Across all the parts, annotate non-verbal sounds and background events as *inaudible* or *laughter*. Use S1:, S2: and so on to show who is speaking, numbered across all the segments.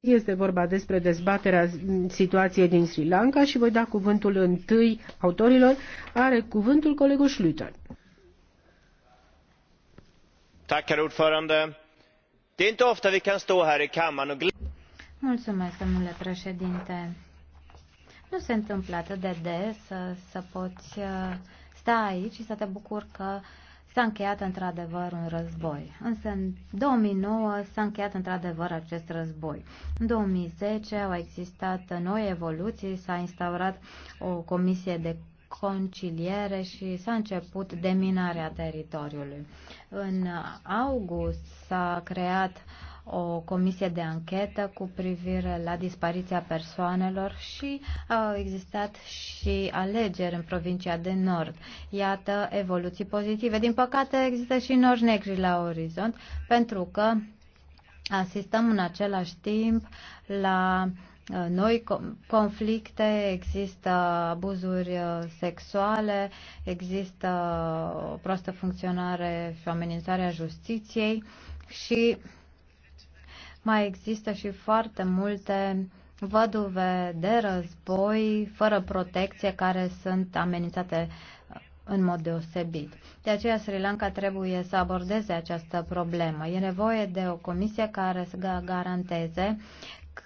S1: Este vorba despre dezbaterea situației din Sri Lanka și voi da cuvântul întâi autorilor. Are cuvântul colegul Schlüter.
S2: Mulțumesc, domnule președinte. Nu se întâmplă atât de des să, să poți uh, sta aici și să te bucur că s-a încheiat într-adevăr un război. Însă în 2009 s-a încheiat într-adevăr acest război. În 2010 au existat noi evoluții, s-a instaurat o comisie de conciliere și s-a început deminarea teritoriului. În august s-a creat uh, o comisie de anchetă cu privire la dispariția persoanelor și au existat și alegeri în provincia de nord. Iată evoluții pozitive. Din păcate există și nori negri la orizont pentru că asistăm în același timp la uh, noi conflicte, există abuzuri uh, sexuale, există o proastă funcționare și o amenințare a justiției și mai există și foarte multe văduve de război fără protecție care sunt amenințate în mod deosebit. De aceea Sri Lanka trebuie să abordeze această problemă. E nevoie de o comisie care să garanteze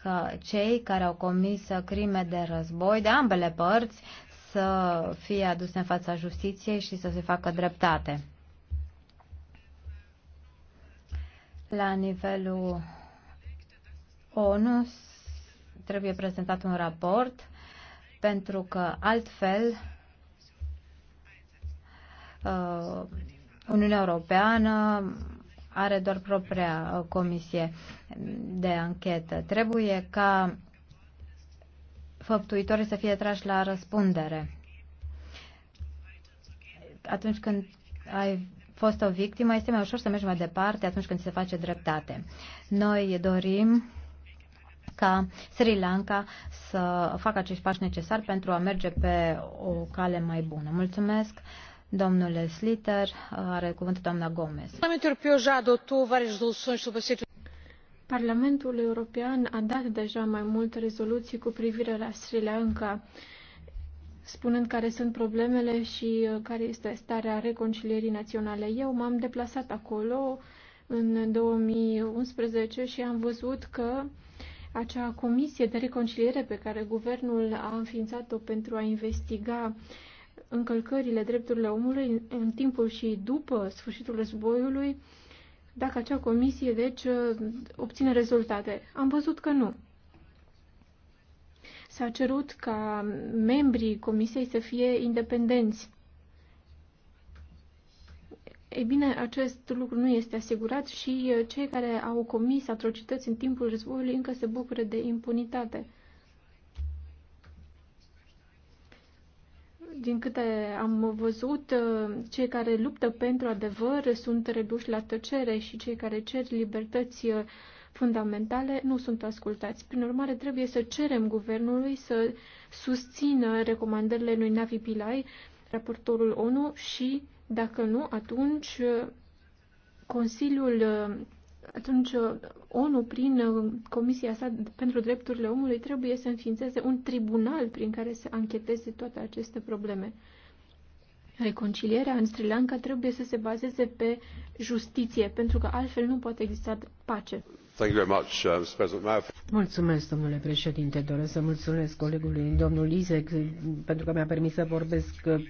S2: că cei care au comis crime de război de ambele părți să fie aduse în fața justiției și să se facă dreptate. La nivelul ONU trebuie prezentat un raport pentru că altfel uh, Uniunea Europeană are doar propria uh, comisie de anchetă. Trebuie ca făptuitorii să fie trași la răspundere. Atunci când ai fost o victimă, este mai ușor să mergi mai departe atunci când se face dreptate. Noi dorim ca Sri Lanka să facă acești pași necesari pentru a merge pe o cale mai bună. Mulțumesc! Domnule Sliter, are cuvântul doamna Gomez.
S3: Parlamentul European a dat deja mai multe rezoluții cu privire la Sri Lanka, spunând care sunt problemele și uh, care este starea reconcilierii naționale. Eu m-am deplasat acolo în 2011 și am văzut că uh, acea comisie de reconciliere pe care guvernul a înființat-o pentru a investiga încălcările drepturilor omului în timpul și după sfârșitul războiului, dacă acea comisie, deci, obține rezultate. Am văzut că nu. S-a cerut ca membrii comisiei să fie independenți ei bine, acest lucru nu este asigurat și uh, cei care au comis atrocități în timpul războiului încă se bucură de impunitate. Din câte am văzut, uh, cei care luptă pentru adevăr sunt reduși la tăcere și cei care cer libertăți uh, fundamentale nu sunt ascultați. Prin urmare, trebuie să cerem guvernului să susțină recomandările lui Navi Pillai, raportorul ONU, și dacă nu, atunci uh, Consiliul, uh, atunci uh, ONU, prin Comisia sa pentru Drepturile Omului, trebuie să înființeze un tribunal prin care să ancheteze toate aceste probleme. Reconcilierea în Sri Lanka trebuie să se bazeze pe justiție, pentru că altfel nu poate exista pace.
S1: Uh, mulțumesc, domnule președinte. Doresc să mulțumesc colegului domnul Lisek pentru că mi-a permis să vorbesc uh,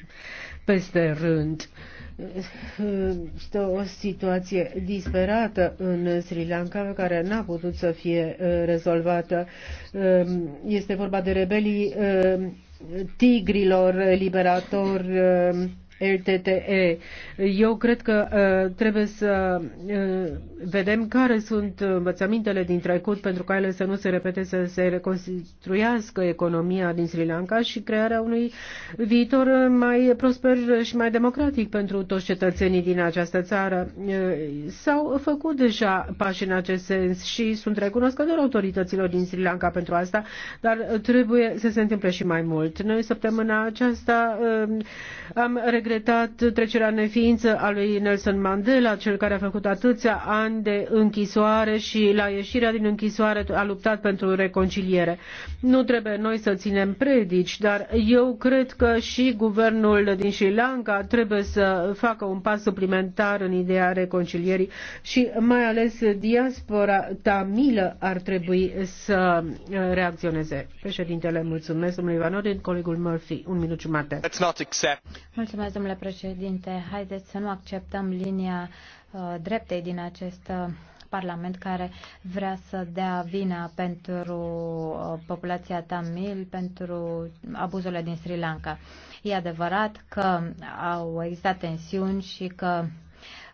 S1: peste rând. Este o situație disperată în Sri Lanka care n-a putut să fie uh, rezolvată. Um, este vorba de rebelii tigrilor liberatori um, RTTE. Eu cred că uh, trebuie să uh, vedem care sunt învățămintele din trecut pentru ca ele să nu se repete, să se reconstruiască economia din Sri Lanka și crearea unui viitor mai prosper și mai democratic pentru toți cetățenii din această țară. Uh, S-au făcut deja pași în acest sens și sunt recunoscători autorităților din Sri Lanka pentru asta, dar trebuie să se întâmple și mai mult. Noi săptămâna aceasta uh, am regretat trecerea în neființă a lui Nelson Mandela, cel care a făcut atâția ani de închisoare și la ieșirea din închisoare a luptat pentru reconciliere. Nu trebuie noi să ținem predici, dar eu cred că și guvernul din Sri Lanka trebuie să facă un pas suplimentar în ideea reconcilierii și mai ales diaspora tamilă ar trebui să uh, reacționeze. Președintele, mulțumesc, domnule Ivanodin, colegul Murphy, un minut jumate.
S2: Mulțumesc, domnule președinte. Haideți să nu acceptăm linia uh, dreptei din acest uh, Parlament care vrea să dea vina pentru uh, populația tamil, pentru abuzurile din Sri Lanka. E adevărat că au existat tensiuni și că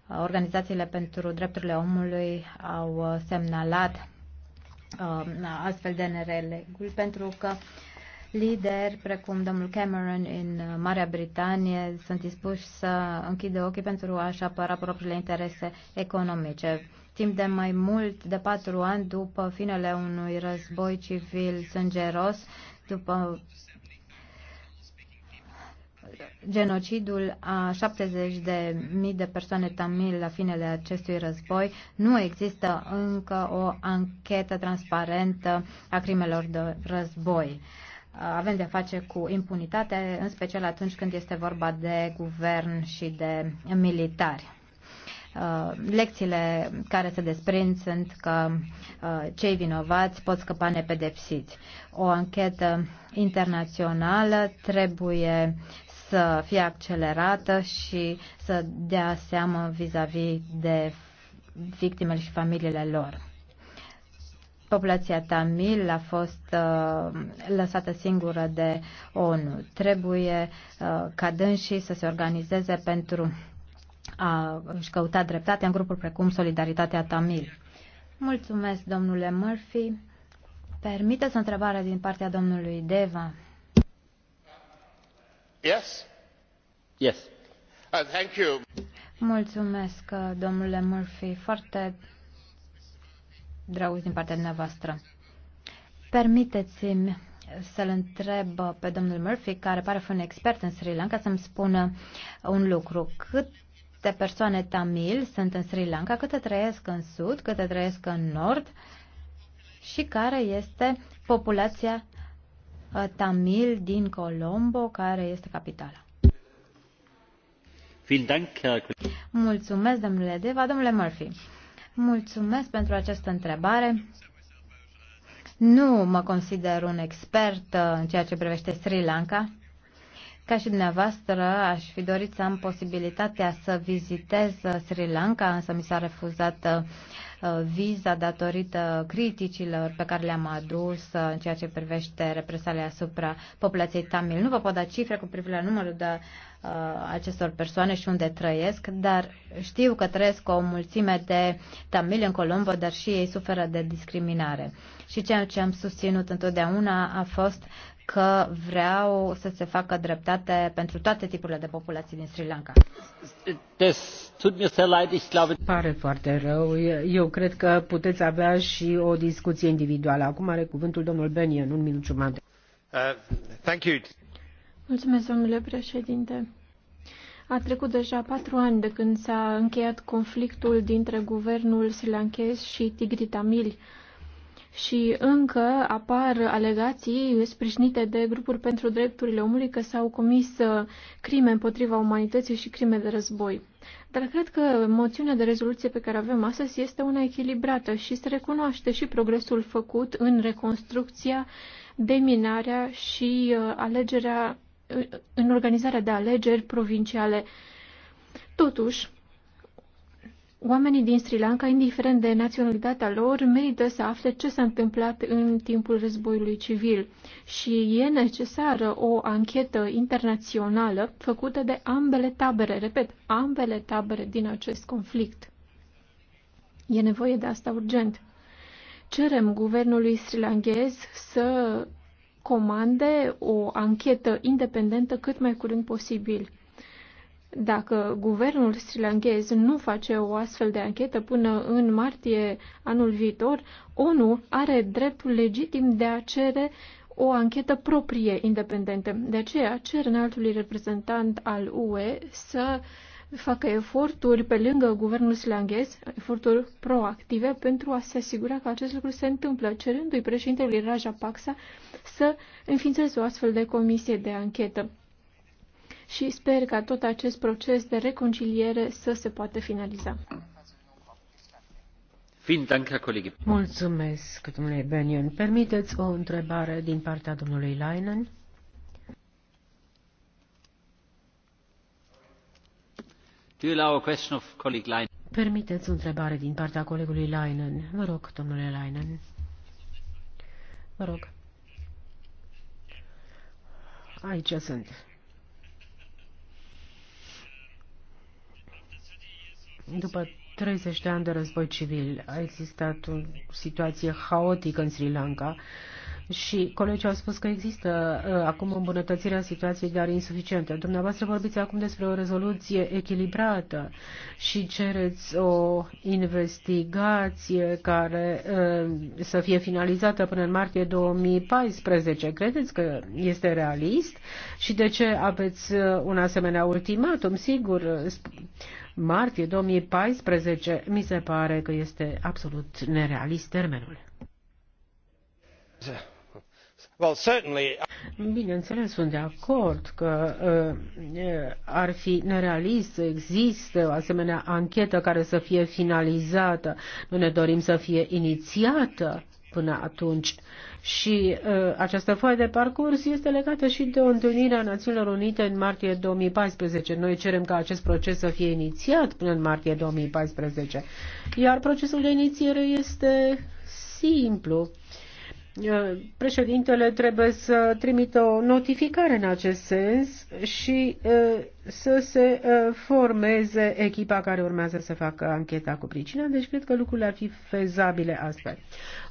S2: uh, organizațiile pentru drepturile omului au uh, semnalat uh, astfel de nereguli pentru că uh, lideri precum domnul Cameron în uh, Marea Britanie sunt dispuși să închidă ochii pentru a-și apăra propriile interese economice. Timp de mai mult de patru ani după finele unui război civil sângeros, după genocidul a 70.000 de de persoane tamil la finele acestui război, nu există încă o anchetă transparentă a crimelor de război avem de face cu impunitate, în special atunci când este vorba de guvern și de militari. Uh, lecțiile care se desprind sunt că uh, cei vinovați pot scăpa nepedepsiți. O anchetă internațională trebuie să fie accelerată și să dea seamă vis-a-vis -vis de victimele și familiile lor. Populația tamil a fost uh, lăsată singură de ONU. Trebuie uh, ca dânsii să se organizeze pentru a își căuta dreptate în grupuri precum Solidaritatea Tamil. Mulțumesc, domnule Murphy. Permiteți o întrebare din partea domnului Deva. Yes? Yes. Uh, thank you. Mulțumesc, uh, domnule Murphy. Foarte dragoste din partea dumneavoastră. Permiteți-mi să-l întreb pe domnul Murphy, care pare fi un expert în Sri Lanka, să-mi spună un lucru. Câte persoane tamil sunt în Sri Lanka, câte trăiesc în sud, câte trăiesc în nord și care este populația uh, tamil din Colombo, care este capitala. Mulțumesc, domnule Deva, domnule Murphy. Mulțumesc pentru această întrebare. Nu mă consider un expert uh, în ceea ce privește Sri Lanka. Ca și dumneavoastră, aș fi dorit să am posibilitatea să vizitez Sri Lanka, însă mi s-a refuzat uh, viza datorită criticilor pe care le-am adus uh, în ceea ce privește represalia asupra populației tamil. Nu vă pot da cifre cu privire la numărul de uh, acestor persoane și unde trăiesc, dar știu că trăiesc o mulțime de tamili în Colombo, dar și ei suferă de discriminare. Și ceea ce am susținut întotdeauna a fost că vreau să se facă dreptate pentru toate tipurile de populații din Sri Lanka.
S1: Pare foarte rău. Eu cred că puteți avea și o discuție individuală. Acum are cuvântul domnul Benion, un minut jumate.
S3: Uh, Mulțumesc, domnule președinte. A trecut deja patru ani de când s-a încheiat conflictul dintre guvernul sri lankez și Tigri Tamil și încă apar alegații sprijinite de grupuri pentru drepturile omului că s-au comis uh, crime împotriva umanității și crime de război. Dar cred că moțiunea de rezoluție pe care avem astăzi este una echilibrată și se recunoaște și progresul făcut în reconstrucția, deminarea și uh, alegerea, uh, în organizarea de alegeri provinciale. Totuși, Oamenii din Sri Lanka, indiferent de naționalitatea lor, merită să afle ce s-a întâmplat în timpul războiului civil și e necesară o anchetă internațională făcută de ambele tabere, repet, ambele tabere din acest conflict. E nevoie de asta urgent. Cerem guvernului sri Lankez să comande o anchetă independentă cât mai curând posibil dacă guvernul srilanchez nu face o astfel de anchetă până în martie anul viitor, ONU are dreptul legitim de a cere o anchetă proprie independentă. De aceea cer înaltului reprezentant al UE să facă eforturi pe lângă guvernul slanghez, eforturi proactive pentru a se asigura că acest lucru se întâmplă, cerându-i președintelui Raja Paxa să înființeze o astfel de comisie de anchetă și sper ca tot acest proces de reconciliere să se poată finaliza.
S1: Mulțumesc, domnule Benion. Permiteți o întrebare din partea domnului Leinen? Permiteți o întrebare din partea colegului Leinen. Vă rog, domnule Leinen. Vă rog. Aici sunt. După 30 de ani de război civil a existat o situație haotică în Sri Lanka și colegii au spus că există uh, acum îmbunătățirea situației, dar insuficientă. Dumneavoastră vorbiți acum despre o rezoluție echilibrată și cereți o investigație care uh, să fie finalizată până în martie 2014. Credeți că este realist? Și de ce aveți uh, un asemenea ultimatum? Sigur, uh, martie 2014, mi se pare că este absolut nerealist termenul. Bineînțeles, sunt de acord că uh, uh, ar fi nerealist să existe o asemenea anchetă care să fie finalizată. Nu ne dorim să fie inițiată până atunci. Uh, și uh, această foaie de parcurs este legată și de o întâlnire a Națiunilor Unite în martie 2014. Noi cerem ca acest proces să fie inițiat până în martie 2014. Iar procesul de inițiere este simplu. Uh, președintele trebuie să trimită o notificare în acest sens și să se formeze echipa care urmează să facă ancheta cu pricina, deci cred că lucrurile ar fi fezabile astfel.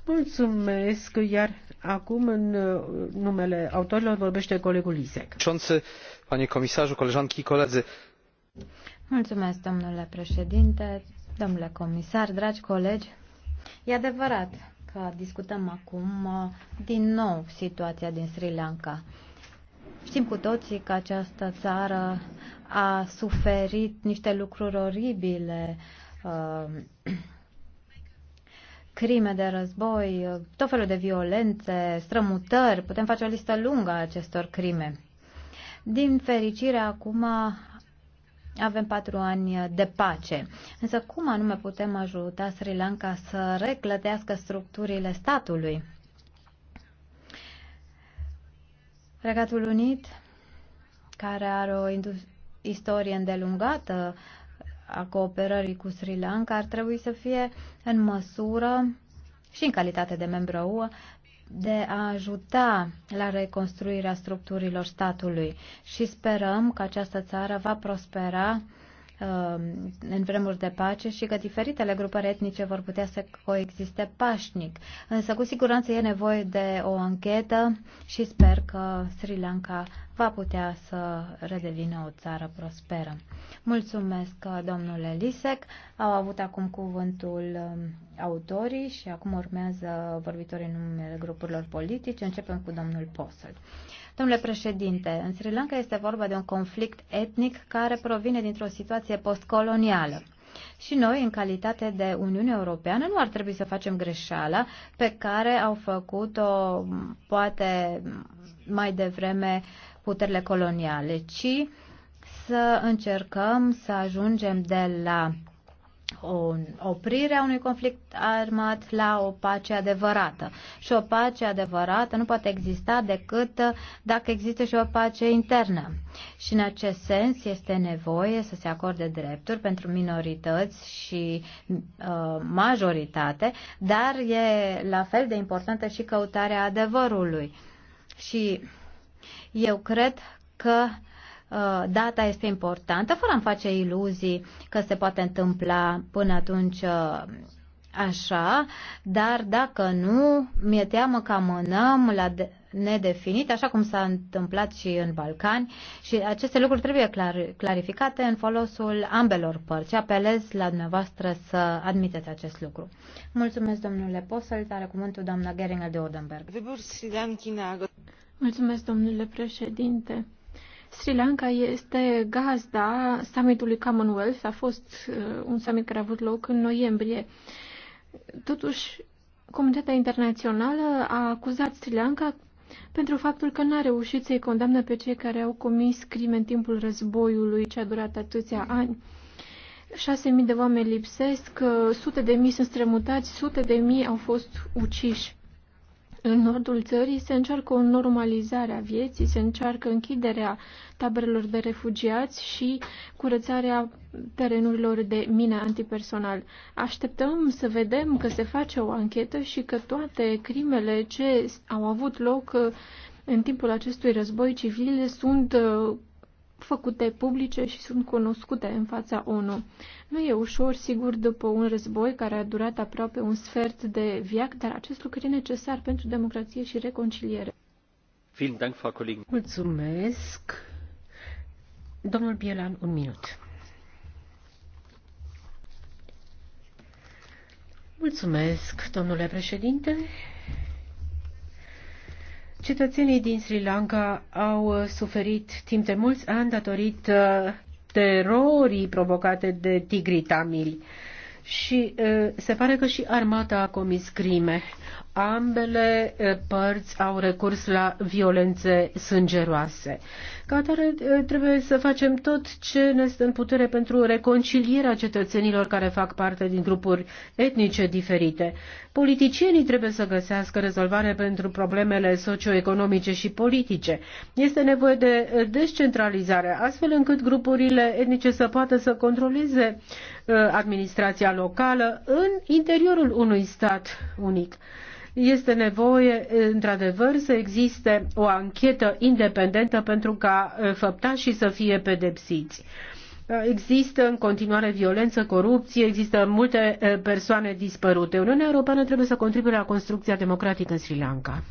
S1: Mulțumesc, iar acum în numele autorilor vorbește colegul Lisek.
S2: Panie comisarul, coleżanki colegi. Mulțumesc, domnule președinte, domnule comisar, dragi colegi. E adevărat, că discutăm acum uh, din nou situația din Sri Lanka. Știm cu toții că această țară a suferit niște lucruri oribile, uh, *clears throat* crime de război, tot felul de violențe, strămutări, putem face o listă lungă a acestor crime. Din fericire, acum avem patru ani de pace. Însă cum anume putem ajuta Sri Lanka să reclătească structurile statului? Regatul Unit, care are o istorie îndelungată a cooperării cu Sri Lanka, ar trebui să fie în măsură și în calitate de membru UE de a ajuta la reconstruirea structurilor statului și sperăm că această țară va prospera Um, în vremuri de pace și că diferitele grupări etnice vor putea să coexiste pașnic. Însă, cu siguranță, e nevoie de o anchetă și sper că Sri Lanka va putea să redevină o țară prosperă. Mulțumesc, domnule Lisek. Au avut acum cuvântul um, autorii și acum urmează vorbitorii numele grupurilor politice. Începem cu domnul Posel. Domnule președinte, în Sri Lanka este vorba de un conflict etnic care provine dintr-o situație postcolonială. Și noi, în calitate de Uniune Europeană, nu ar trebui să facem greșeala pe care au făcut-o poate mai devreme puterile coloniale, ci să încercăm să ajungem de la o oprire a unui conflict armat la o pace adevărată. Și o pace adevărată nu poate exista decât dacă există și o pace internă. Și în acest sens este nevoie să se acorde drepturi pentru minorități și uh, majoritate, dar e la fel de importantă și căutarea adevărului. Și eu cred că Uh, data este importantă, fără a-mi face iluzii că se poate întâmpla până atunci uh, așa, dar dacă nu, mi-e teamă că amânăm la nedefinit, așa cum s-a întâmplat și în Balcani și aceste lucruri trebuie clar- clarificate în folosul ambelor părți. Apelez la dumneavoastră să admiteți acest lucru. Mulțumesc, domnule Posel, are cuvântul doamna Geringer de Odenberg. Mulțumesc, domnule președinte. Sri Lanka
S3: este gazda summitului Commonwealth, a fost uh, un summit care a avut loc în noiembrie. Totuși, comunitatea internațională a acuzat Sri Lanka pentru faptul că n-a reușit să-i condamnă pe cei care au comis crime în timpul războiului ce a durat atâția ani. 6.000 de oameni lipsesc, uh, sute de mii sunt strămutați, sute de mii au fost uciși. În nordul țării se încearcă o normalizare a vieții, se încearcă închiderea taberelor de refugiați și curățarea terenurilor de mine antipersonal. Așteptăm să vedem că se face o anchetă și că toate crimele ce au avut loc uh, în timpul acestui război civil sunt uh, făcute publice și sunt cunoscute în fața ONU. Nu e ușor, sigur, după un război care a durat aproape un sfert de viac, dar acest lucru e necesar pentru democrație și reconciliere. Mulțumesc. Domnul Bielan, un minut.
S1: Mulțumesc, domnule președinte. Cetățenii din Sri Lanka au uh, suferit timp de mulți ani datorită uh, terorii provocate de tigrii tamili și uh, se pare că și armata a comis crime. Ambele părți au recurs la violențe sângeroase. Ca atare, trebuie să facem tot ce ne stă în putere pentru reconcilierea cetățenilor care fac parte din grupuri etnice diferite. Politicienii trebuie să găsească rezolvare pentru problemele socioeconomice și politice. Este nevoie de descentralizare, astfel încât grupurile etnice să poată să controleze administrația locală în interiorul unui stat unic. Este nevoie, într-adevăr, să existe o anchetă independentă pentru ca făptașii să fie pedepsiți. Există în continuare violență, corupție, există multe persoane dispărute. Uniunea Europeană trebuie să contribuie la construcția democratică în Sri Lanka.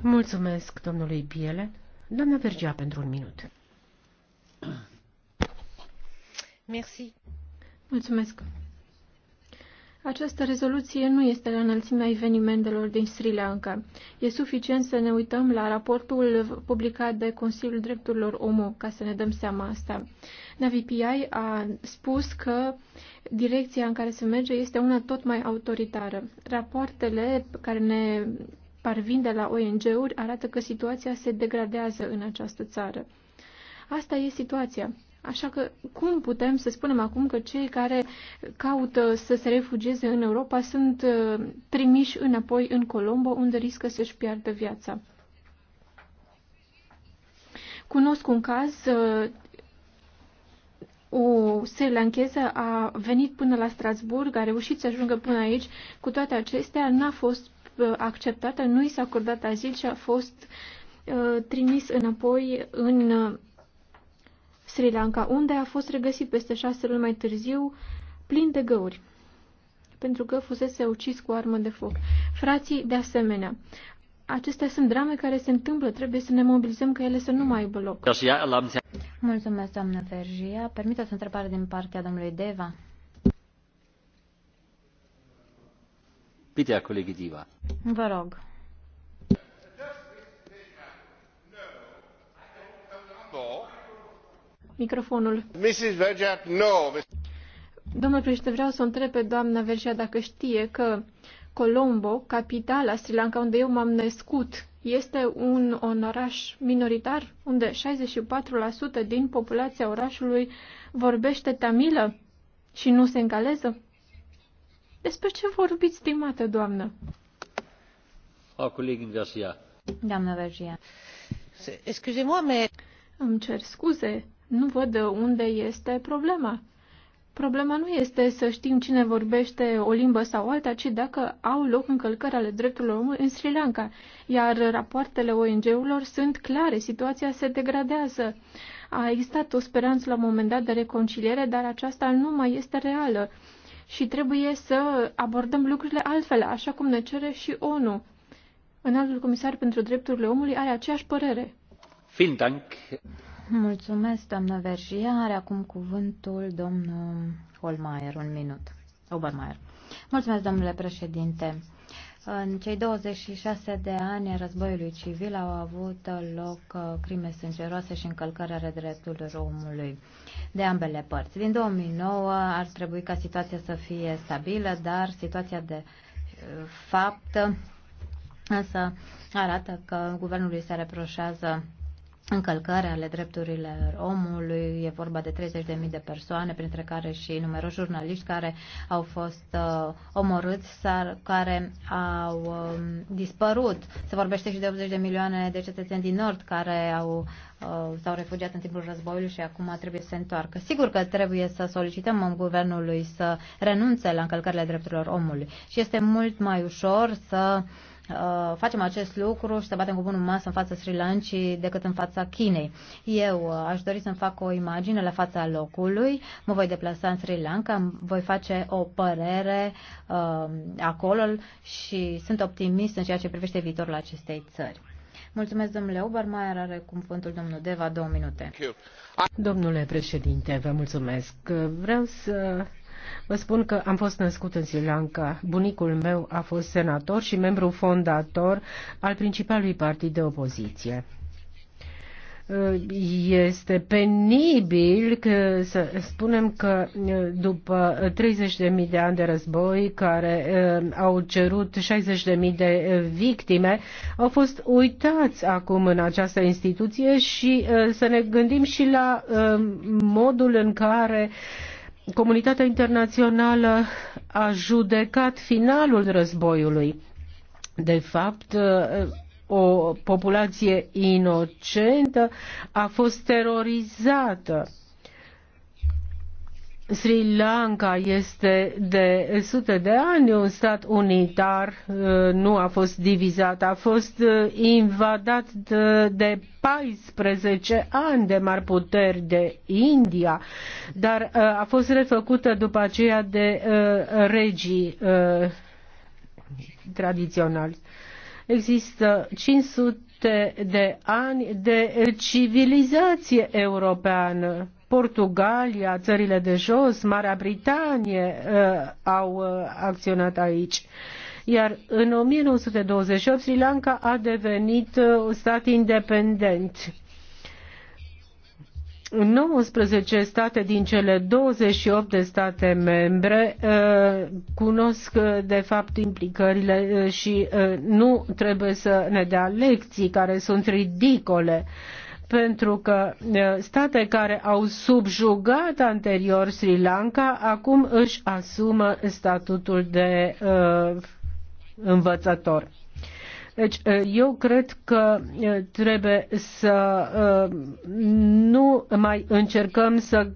S1: Mulțumesc, domnului Biele. Doamna Vergea, pentru un minut.
S3: Merci. Mulțumesc. Această rezoluție nu este la înălțimea evenimentelor din Sri Lanka. E suficient să ne uităm la raportul publicat de Consiliul Drepturilor Omului ca să ne dăm seama asta. NaviPI a spus că direcția în care se merge este una tot mai autoritară. Rapoartele care ne parvin de la ONG-uri arată că situația se degradează în această țară. Asta e situația. Așa că cum putem să spunem acum că cei care caută să se refugieze în Europa sunt uh, trimiși înapoi în Colombo, unde riscă să-și piardă viața? Cunosc un caz, uh, o Sri a venit până la Strasburg, a reușit să ajungă până aici, cu toate acestea n-a fost uh, acceptată, nu i s-a acordat azil și a fost trimis înapoi în Sri Lanka, unde a fost regăsit peste șase luni mai târziu plin de găuri, pentru că fusese ucis cu armă de foc. Frații, de asemenea, acestea sunt drame care se întâmplă,
S2: trebuie să ne mobilizăm ca ele să nu mai aibă loc. Mulțumesc, doamnă Vergia. Permiteți o întrebare din partea domnului Deva. Pitea, colegi Vă rog.
S3: microfonul. Domnule președinte, vreau să o întreb pe doamna Vergea dacă știe că Colombo, capitala Sri Lanka, unde eu m-am născut, este un, un oraș minoritar unde 64% din populația orașului vorbește tamilă și nu se încaleză? Despre ce vorbiți, stimată doamnă?
S2: A, colegin Garcia.
S3: Doamna Vergia. Excuse-mă, Îmi cer scuze, nu văd unde este problema. Problema nu este să știm cine vorbește o limbă sau alta, ci dacă au loc încălcări ale drepturilor omului în Sri Lanka. Iar rapoartele ONG-urilor sunt clare, situația se degradează. A existat o speranță la un moment dat de reconciliere, dar aceasta nu mai este reală. Și trebuie să abordăm lucrurile altfel, așa cum ne cere și ONU. Înaltul comisar pentru drepturile omului are aceeași
S2: părere. Vielen Dank. Mulțumesc, doamnă Verjia. Are acum cuvântul domnul Holmeier, un minut. Obermeier. Mulțumesc, domnule președinte. În cei 26 de ani războiului civil au avut loc uh, crime sângeroase și încălcări ale drepturilor omului de ambele părți. Din 2009 ar trebui ca situația să fie stabilă, dar situația de uh, fapt însă arată că guvernului se reproșează încălcări ale drepturilor omului. E vorba de 30.000 de persoane, printre care și numeroși jurnaliști care au fost uh, omorâți sau care au um, dispărut. Se vorbește și de 80 de milioane de cetățeni din Nord care au uh, s-au refugiat în timpul războiului și acum trebuie să se întoarcă. Sigur că trebuie să solicităm în guvernului să renunțe la încălcările drepturilor omului și este mult mai ușor să uh, uh, facem acest lucru și să batem cu bunul masă în fața Sri Lancii decât în fața Chinei. Eu uh, aș dori să-mi fac o imagine la fața locului, mă voi deplasa în Sri Lanka, voi face o părere uh, acolo și sunt optimist în ceea ce privește viitorul acestei țări. Mulțumesc, domnule Obermaier. Are cuvântul domnul Deva, două minute.
S1: Domnule președinte, vă mulțumesc. Vreau să Vă spun că am fost născut în Sri Lanka. Bunicul meu a fost senator și membru fondator al principalului partid de opoziție este penibil că, să spunem că după 30.000 de ani de război care uh, au cerut 60.000 de victime, au fost uitați acum în această instituție și uh, să ne gândim și la uh, modul în care comunitatea internațională a judecat finalul războiului. De fapt, o populație inocentă a fost terorizată Sri Lanka este de sute de ani un stat unitar, uh, nu a fost divizat, a fost uh, invadat de 14 ani de mari puteri de India, dar uh, a fost refăcută după aceea de regii tradiționali. Există 500 de ani de civilizație europeană Portugalia, țările de jos, Marea Britanie uh, au uh, acționat aici. Iar în 1928 Sri Lanka a devenit uh, un stat independent. 19 state din cele 28 de state membre cunosc de fapt implicările și nu trebuie să ne dea lecții care sunt ridicole pentru că state care au subjugat anterior Sri Lanka acum își asumă statutul de uh, învățător. Deci, eu cred că trebuie să nu mai încercăm să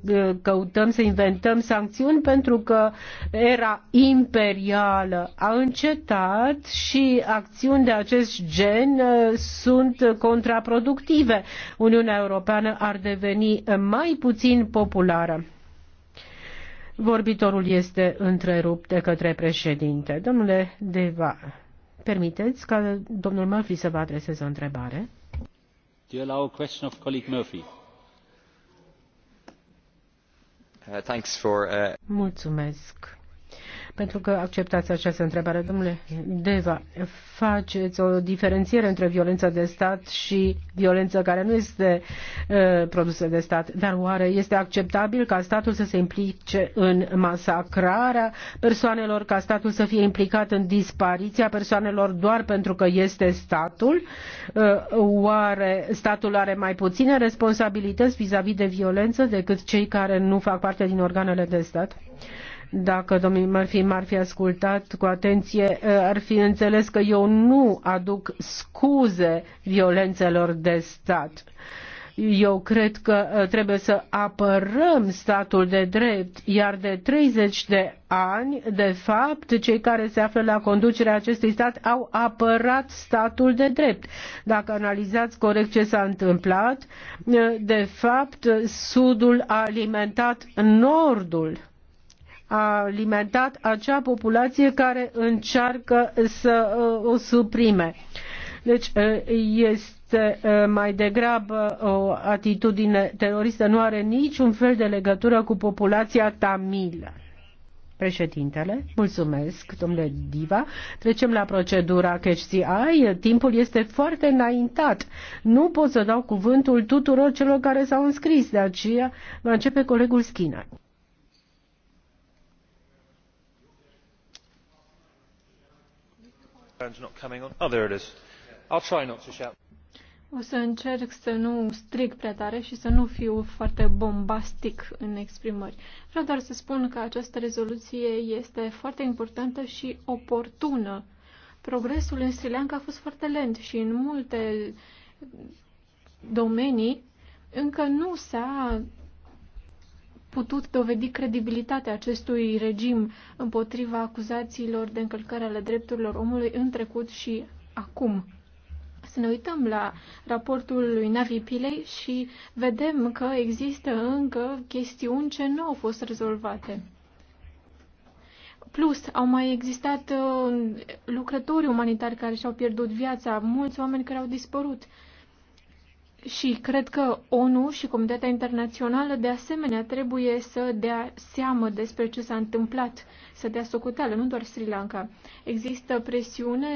S1: căutăm, să inventăm sancțiuni, pentru că era imperială a încetat și acțiuni de acest gen sunt contraproductive. Uniunea Europeană ar deveni mai puțin populară. Vorbitorul este întrerupt de către președinte. Domnule Deva, Permiteți ca domnul Murphy să vă adreseze o întrebare?
S2: Do you allow a question of colleague Murphy? Uh, thanks for, uh...
S1: Mulțumesc pentru că acceptați această întrebare. Domnule Deva, faceți o diferențiere între violența de stat și violența care nu este uh, produsă de stat, dar oare este acceptabil ca statul să se implice în masacrarea persoanelor, ca statul să fie implicat în dispariția persoanelor doar pentru că este statul? Uh, oare statul are mai puține responsabilități vis-a-vis -vis de violență decât cei care nu fac parte din organele de stat? Dacă domnul Murphy m-ar fi ascultat cu atenție, eh, ar fi înțeles că eu nu aduc scuze violențelor de stat. Eu cred că eh, trebuie să apărăm statul de drept, iar de 30 de ani, de fapt, cei care se află la conducerea acestui stat au apărat statul de drept. Dacă analizați corect ce s-a întâmplat, eh, de fapt, Sudul a alimentat Nordul a alimentat acea populație care încearcă să uh, o suprime. Deci uh, este uh, mai degrabă o atitudine teroristă, nu are niciun fel de legătură cu populația tamilă. Președintele, mulțumesc, domnule Diva. Trecem la procedura CHCI. Timpul este foarte înaintat. Nu pot să dau cuvântul tuturor celor care s-au înscris, de aceea va începe colegul Schina.
S3: O să încerc să nu strig prea tare și să nu fiu foarte bombastic în exprimări. Vreau doar să spun că această rezoluție este foarte importantă și oportună. Progresul în Sri Lanka a fost foarte lent și în multe domenii încă nu s-a putut dovedi credibilitatea acestui regim împotriva acuzațiilor de încălcare ale drepturilor omului în trecut și acum. Să ne uităm la raportul lui Navi Pilei și vedem că există încă chestiuni ce nu au fost rezolvate. Plus, au mai existat uh, lucrători umanitari care și-au pierdut viața, mulți oameni care au dispărut. Și cred că ONU și comunitatea internațională de asemenea trebuie să dea seamă despre ce s-a întâmplat, să dea socoteală, nu doar Sri Lanka. Există presiune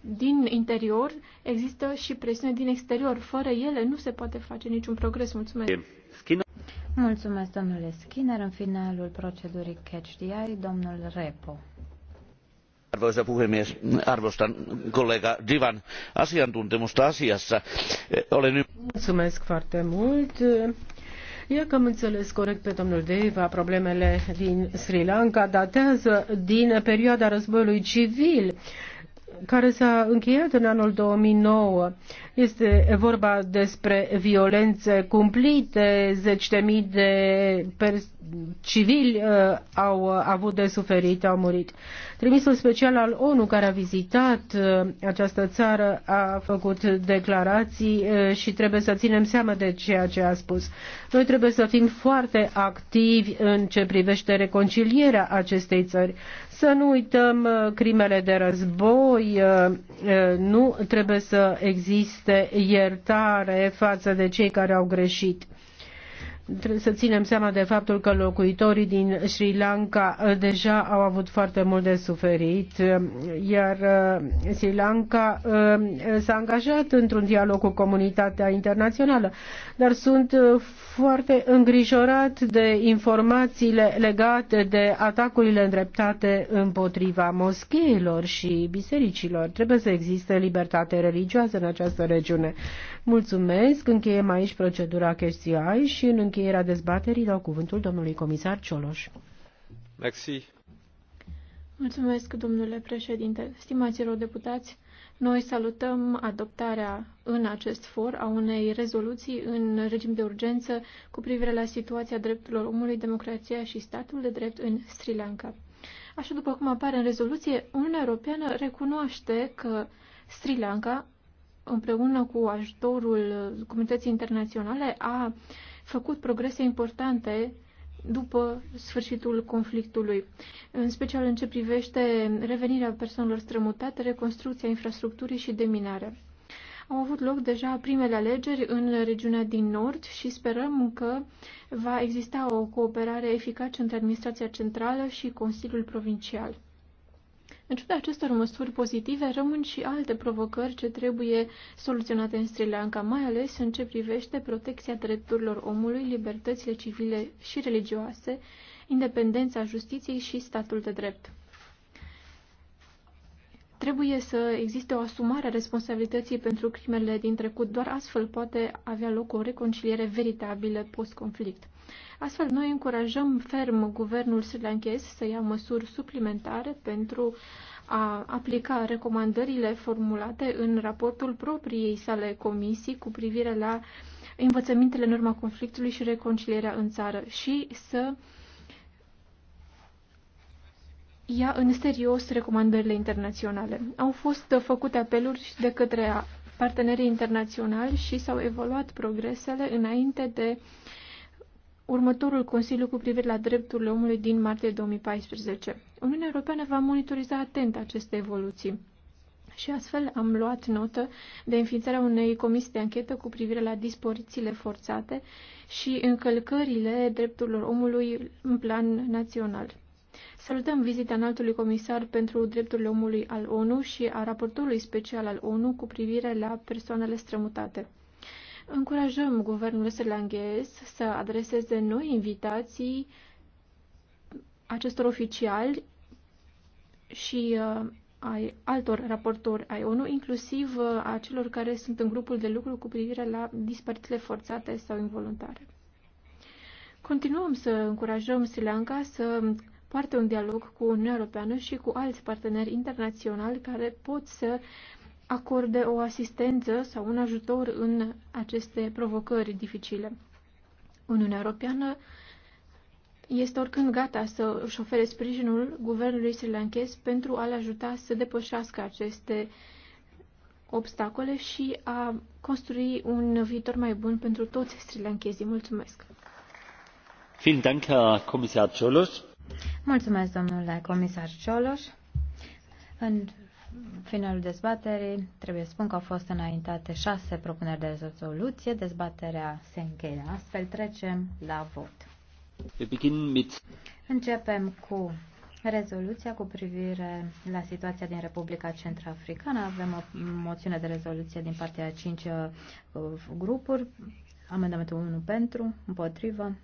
S3: din interior, există și presiune din exterior. Fără ele nu se poate face
S2: niciun progres. Mulțumesc. Mulțumesc, domnule Skinner. În finalul procedurii Catch the Eye, domnul Repo arvoisa puhemies arvostan kollega devan asiantuntemusta asiassa. olen.
S1: mulțumesc foarte mult. că am înțeles corect pe domnul Deva, problemele din Sri Lanka datează din perioada războiului civil care s-a încheiat în anul 2009. Este vorba despre violențe cumplite, zeci de mii de civili uh, au avut de suferit, au murit. Trimisul special al ONU care a vizitat uh, această țară a făcut declarații uh, și trebuie să ținem seama de ceea ce a spus. Noi trebuie să fim foarte activi în ce privește reconcilierea acestei țări, să nu uităm uh, crimele de război, uh, uh, nu trebuie să existe iertare față de cei care au greșit. Trebuie să ținem seama de faptul că locuitorii din Sri Lanka uh, deja au avut foarte mult de suferit, uh, iar uh, Sri Lanka s-a angajat într-un dialog cu comunitatea internațională, dar sunt foarte îngrijorat de informațiile legate de atacurile îndreptate împotriva moscheilor și bisericilor. Trebuie să existe libertate religioasă în această regiune. Mulțumesc, încheiem aici procedura chestiai și în încheierea dezbaterii dau cuvântul domnului comisar Cioloș.
S2: Merci.
S3: Mulțumesc, domnule președinte. Stimați deputați, noi salutăm adoptarea în acest for a unei rezoluții în regim de urgență cu privire la situația drepturilor omului, democrația și statul de drept în Sri Lanka. Așa după cum apare în rezoluție, Uniunea Europeană recunoaște că Sri Lanka împreună cu ajutorul comunității internaționale, a făcut progrese importante după sfârșitul conflictului, în special în ce privește revenirea persoanelor strămutate, reconstrucția infrastructurii și deminarea. Au avut loc deja primele alegeri în regiunea din nord și sperăm că va exista o cooperare eficace între administrația centrală și Consiliul Provincial. În ciuda acestor măsuri pozitive, rămân și alte provocări ce trebuie soluționate în Sri Lanka, mai ales în ce privește protecția drepturilor omului, libertățile civile și religioase, independența justiției și statul de drept. Trebuie să existe o asumare a responsabilității pentru crimele din trecut. Doar astfel poate avea loc o reconciliere veritabilă post-conflict. Astfel, noi încurajăm ferm guvernul sri Lankes să ia măsuri suplimentare pentru a aplica recomandările formulate în raportul propriei sale comisii cu privire la învățămintele în urma conflictului și reconcilierea în țară și să uh, ia în serios recomandările internaționale. Au fost făcute apeluri de către partenerii internaționali și s-au evaluat progresele înainte de următorul Consiliu cu privire la drepturile omului din martie 2014. Uniunea Europeană va monitoriza atent aceste evoluții. Și astfel am luat notă de înființarea unei comisii de anchetă cu privire la dispozițiile forțate și încălcările drepturilor omului în plan național. Salutăm vizita înaltului comisar pentru drepturile omului al ONU și a raportorului special al ONU cu privire la persoanele strămutate. Încurajăm guvernul sri să adreseze noi invitații acestor oficiali și uh, ai altor raportori ai ONU, inclusiv uh, a celor care sunt în grupul de lucru cu privire la dispărțile forțate sau involuntare. Continuăm să încurajăm Sri Lanka să poartă un dialog cu Uniunea Europeană și cu alți parteneri internaționali care pot să acorde o asistență sau un ajutor în aceste provocări dificile. Uniunea Europeană este oricând gata să își ofere sprijinul guvernului sri Lankes pentru a-l ajuta să depășească aceste obstacole și a construi un
S2: viitor mai bun pentru toți sri lankezii. Mulțumesc! Vielen Dank, Herr Kommissar Cholos. Mulțumesc, domnule comisar Cioloș. În finalul dezbaterii trebuie să spun că au fost înaintate șase propuneri de rezoluție. Dezbaterea se încheie. Astfel trecem la vot. Începem cu rezoluția cu privire la situația din Republica Centrafricană. Avem o moțiune de rezoluție din partea a cinci uh, grupuri. Amendamentul 1 pentru, împotrivă,